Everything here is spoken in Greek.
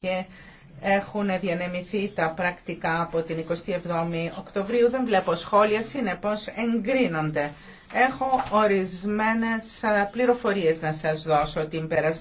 και έχουν διανεμηθεί τα πρακτικά από την 27η Οκτωβρίου. Δεν βλέπω σχόλια, συνεπώς εγκρίνονται. Έχω ορισμένες ε, πληροφορίες να σας δώσω την περασμένη.